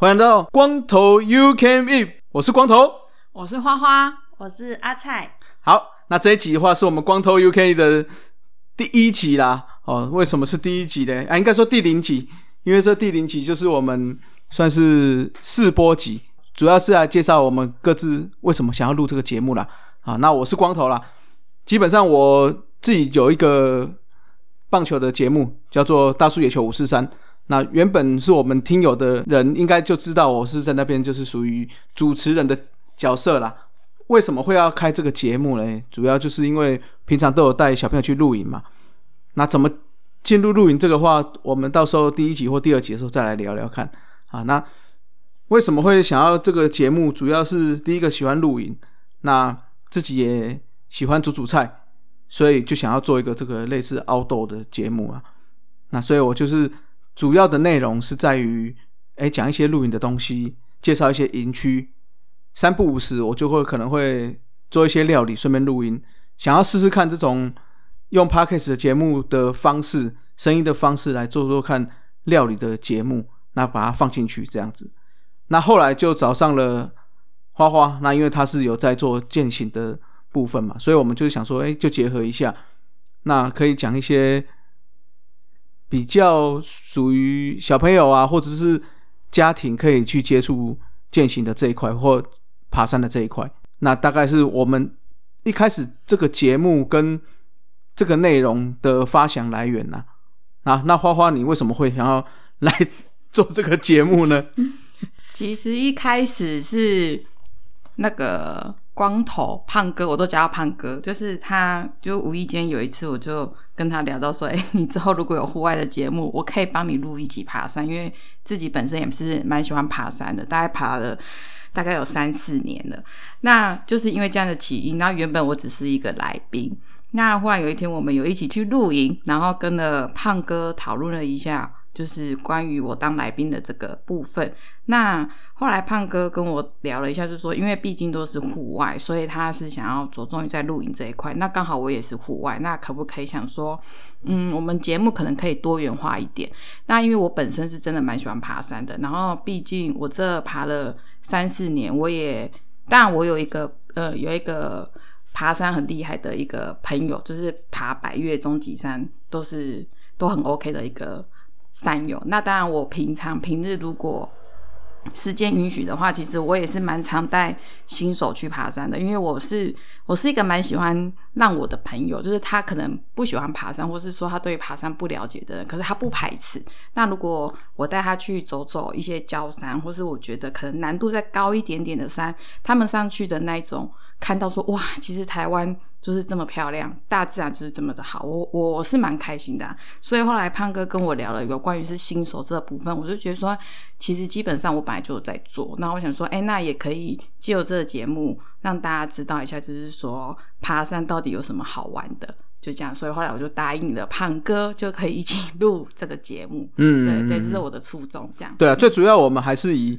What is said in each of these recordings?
歡迎到光頭 UK，一，我是光頭，我是花花，我是阿蔡。好，那這一集的話，是我們光頭 UK 的。第一集啦，哦，為什麼是第一集呢？啊，應該說第零集，因為這第零集就是我們算是試播集，主要是來介紹我們各自為什麼想要錄這個節目啦。啊，那我是光頭啦，基本上我自己有一個棒球的節目，叫做《大叔野球五四三》。那原本是我們聽友的人應該就知道，我是在那邊就是屬於主持人的角色啦。為什麼會要開這個節目呢？主要就是因為平常都有帶小朋友去露營嘛。那怎麼進入露營這個話，我們到時候第一集或第二集的時候再來聊聊看啊。那為什麼會想要這個節目？主要是第一個喜歡露營，那自己也喜歡煮煮菜，所以就想要做一個這個類似 Outdoor 的節目啊。那所以我就是主要的內容是在於，哎，講一些露營的東西，介紹一些營區。三不五時，我就會可能會做一些料理，順便錄音，想要試試看這種用 podcast 的節目的方式、聲音的方式來做做看料理的節目，那把它放進去這樣子。那後來就找上了花花，那因為他是有在做健行的部分嘛，所以我們就想說，哎、欸，就結合一下，那可以講一些比較屬於小朋友啊，或者是家庭可以去接觸健行的這一塊或爬山的這一塊，那大概是我們一開始這個節目跟這個內容的發想來源吶啊，啊。那花花，你為什麼會想要來做這個節目呢？其實一開始是那個光頭胖哥，我都叫他胖哥，就是他，就無意間有一次，我就跟他聊到說：“誒、欸，你之後如果有戶外的節目，我可以幫你錄一起爬山，因為自己本身也是蠻喜歡爬山的，大概爬了。”大概有三四年了，那就是因為這樣的起因。那原本我只是一個來賓，那忽然有一天我們有一起去露營，然後跟了胖哥討論了一下。就是關於我當來賓的這個部分。那後來胖哥跟我聊了一下，就是說，因為畢竟都是戶外，所以他是想要着重於在露營這一塊。那剛好我也是戶外，那可不可以想說，嗯，我們節目可能可以多元化一點？那因為我本身是真的蠻喜歡爬山的，然後畢竟我這爬了三四年，我也，但我有一個呃，有一個爬山很厲害的一個朋友，就是爬百岳、中級山都是都很 OK 的一個。山友。那當然，我平常平日如果時間允許的話，其實我也是蠻常帶新手去爬山的。因為我是我是一個蠻喜歡讓我的朋友，就是他可能不喜歡爬山，或是說他對爬山不了解的人，可是他不排斥。那如果我帶他去走走一些郊山，或是我覺得可能難度再高一點點的山，他們上去的那種。看到說哇，其實台灣就是這麼漂亮，大自然就是這麼的好，我我是蠻開心的啊。所以後來胖哥跟我聊了一個關於是新手這個部分，我就覺得說，其實基本上我本來就有在做。那我想說，誒，欸，那也可以借由這個節目讓大家知道一下，就是說爬山到底有什麼好玩的，就這樣。所以後來我就答應了胖哥，就可以一起錄這個節目。嗯，對對，這是我的初衷，這樣。對啊，最主要我們還是以。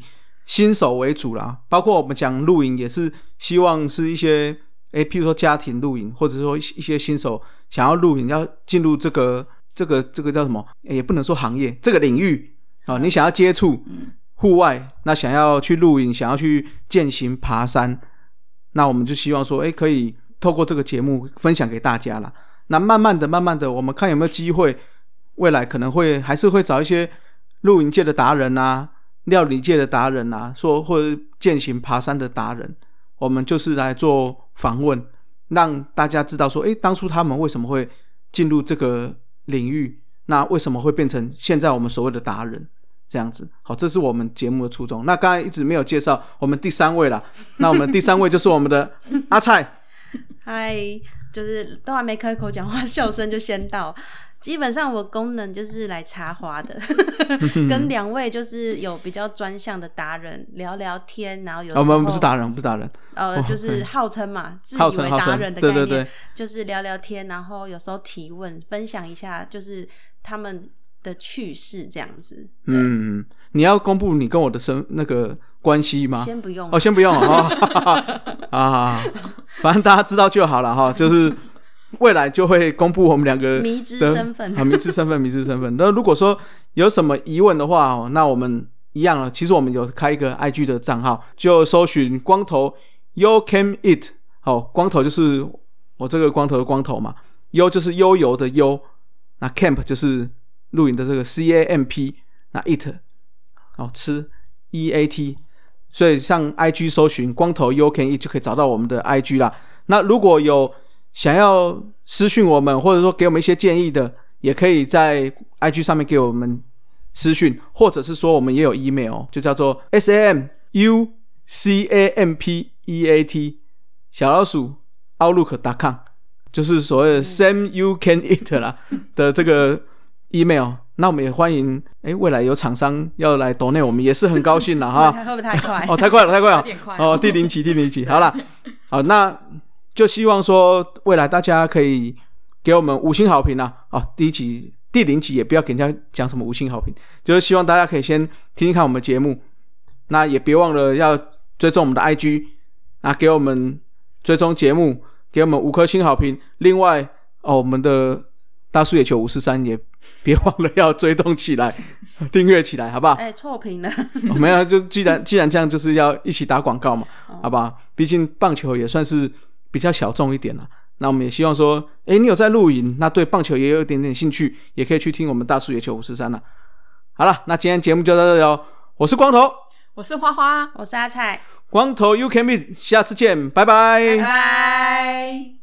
新手為主啦，包括我們講露營也是希望是一些，哎，譬如說家庭露營，或者說一些新手想要露營，要進入這個這個這個叫什麼，也不能說行業，這個領域啊、哦，你想要接觸戶外，那想要去露營，想要去健行、爬山，那我們就希望說，哎，可以透過這個節目分享給大家啦。那慢慢的、慢慢的，我們看有沒有機會，未來可能會還是會找一些露營界的達人啊。料理界的達人啊，說或者健行爬山的達人，我們就是來做訪問，讓大家知道說，哎、欸，當初他們為什麼會進入這個領域，那為什麼會變成現在我們所謂的達人這樣子？好，這是我們節目的初衷。那剛才一直沒有介紹我們第三位了， 那我們第三位就是我們的阿蔡。嗨，就是都還沒開口講話，笑聲就先到。基本上我功能就是來插花的。 跟兩位就是有比較專項的達人聊聊天，然後有時候我們、哦、不是達人，不是達人，呃，哦、就是號稱嘛，號稱自以為達人的概念，號稱就是聊聊天，然後有時候提問，對對對，分享一下就是他們的趣事這樣子。嗯，你要公布你跟我的生那個關係嗎先、哦？先不用，哦，先不用啊，啊，反正大家知道就好了哈、哦，就是。 未來就會公布我們兩個的迷之身份，好、 啊，迷之身份，迷之身份。那如果說有什麼疑問的話，那我們一樣了。其實我們有開一個 I G 的賬號，就搜尋“光頭悠 CampEat”。好、哦，光頭就是我這個光頭的光頭嘛，You 就是悠遊的 You，那 Camp 就是露營的這個 C A M P，那 Eat 好、哦、吃 E A T。所以，上 I G 搜尋“光頭悠 CampEat” 就可以找到我們的 I G 啦。那如果有想要私訊我們，或者說給我們一些建議的，也可以在 IG 上面給我們私訊，或者是說我們也有 email 就叫做 samucampeat 小老鼠 outlook.com 就是所謂的 sam you can eat 啦、嗯、的這個 email。那我們也歡迎，誒、欸，未來有廠商要來 donate，我們，也是很高興啦哈。太快？ 哦，太快了，太快了。 哦，第0期， 第0期，好啦，好那。就希望說未來大家可以給我們五星好評呢、啊。啊、哦，第一集第零集也不要給人家講什麼五星好評，就是希望大家可以先聽聽看我們的節目。那也別忘了要追蹤我們的 IG 啊，給我們追蹤節目，給我們五顆星好評。另外哦，我們的大叔野球五四三也別忘了要追蹤起來，訂閱 起來，好不好？哎、欸，錯評了、哦。沒有、啊，就既然既然這樣，就是要一起打廣告嘛， 好吧？畢竟棒球也算是。比較小眾一點了、啊，那我們也希望說，誒、欸、你有在露營，那對棒球也有一點點興趣，也可以去聽我們大叔野球五四三了。好了，那今天節目就到這裡哦。我是光頭，我是花花，我是阿菜。光頭，悠 CampEat，下次見，拜拜，拜拜。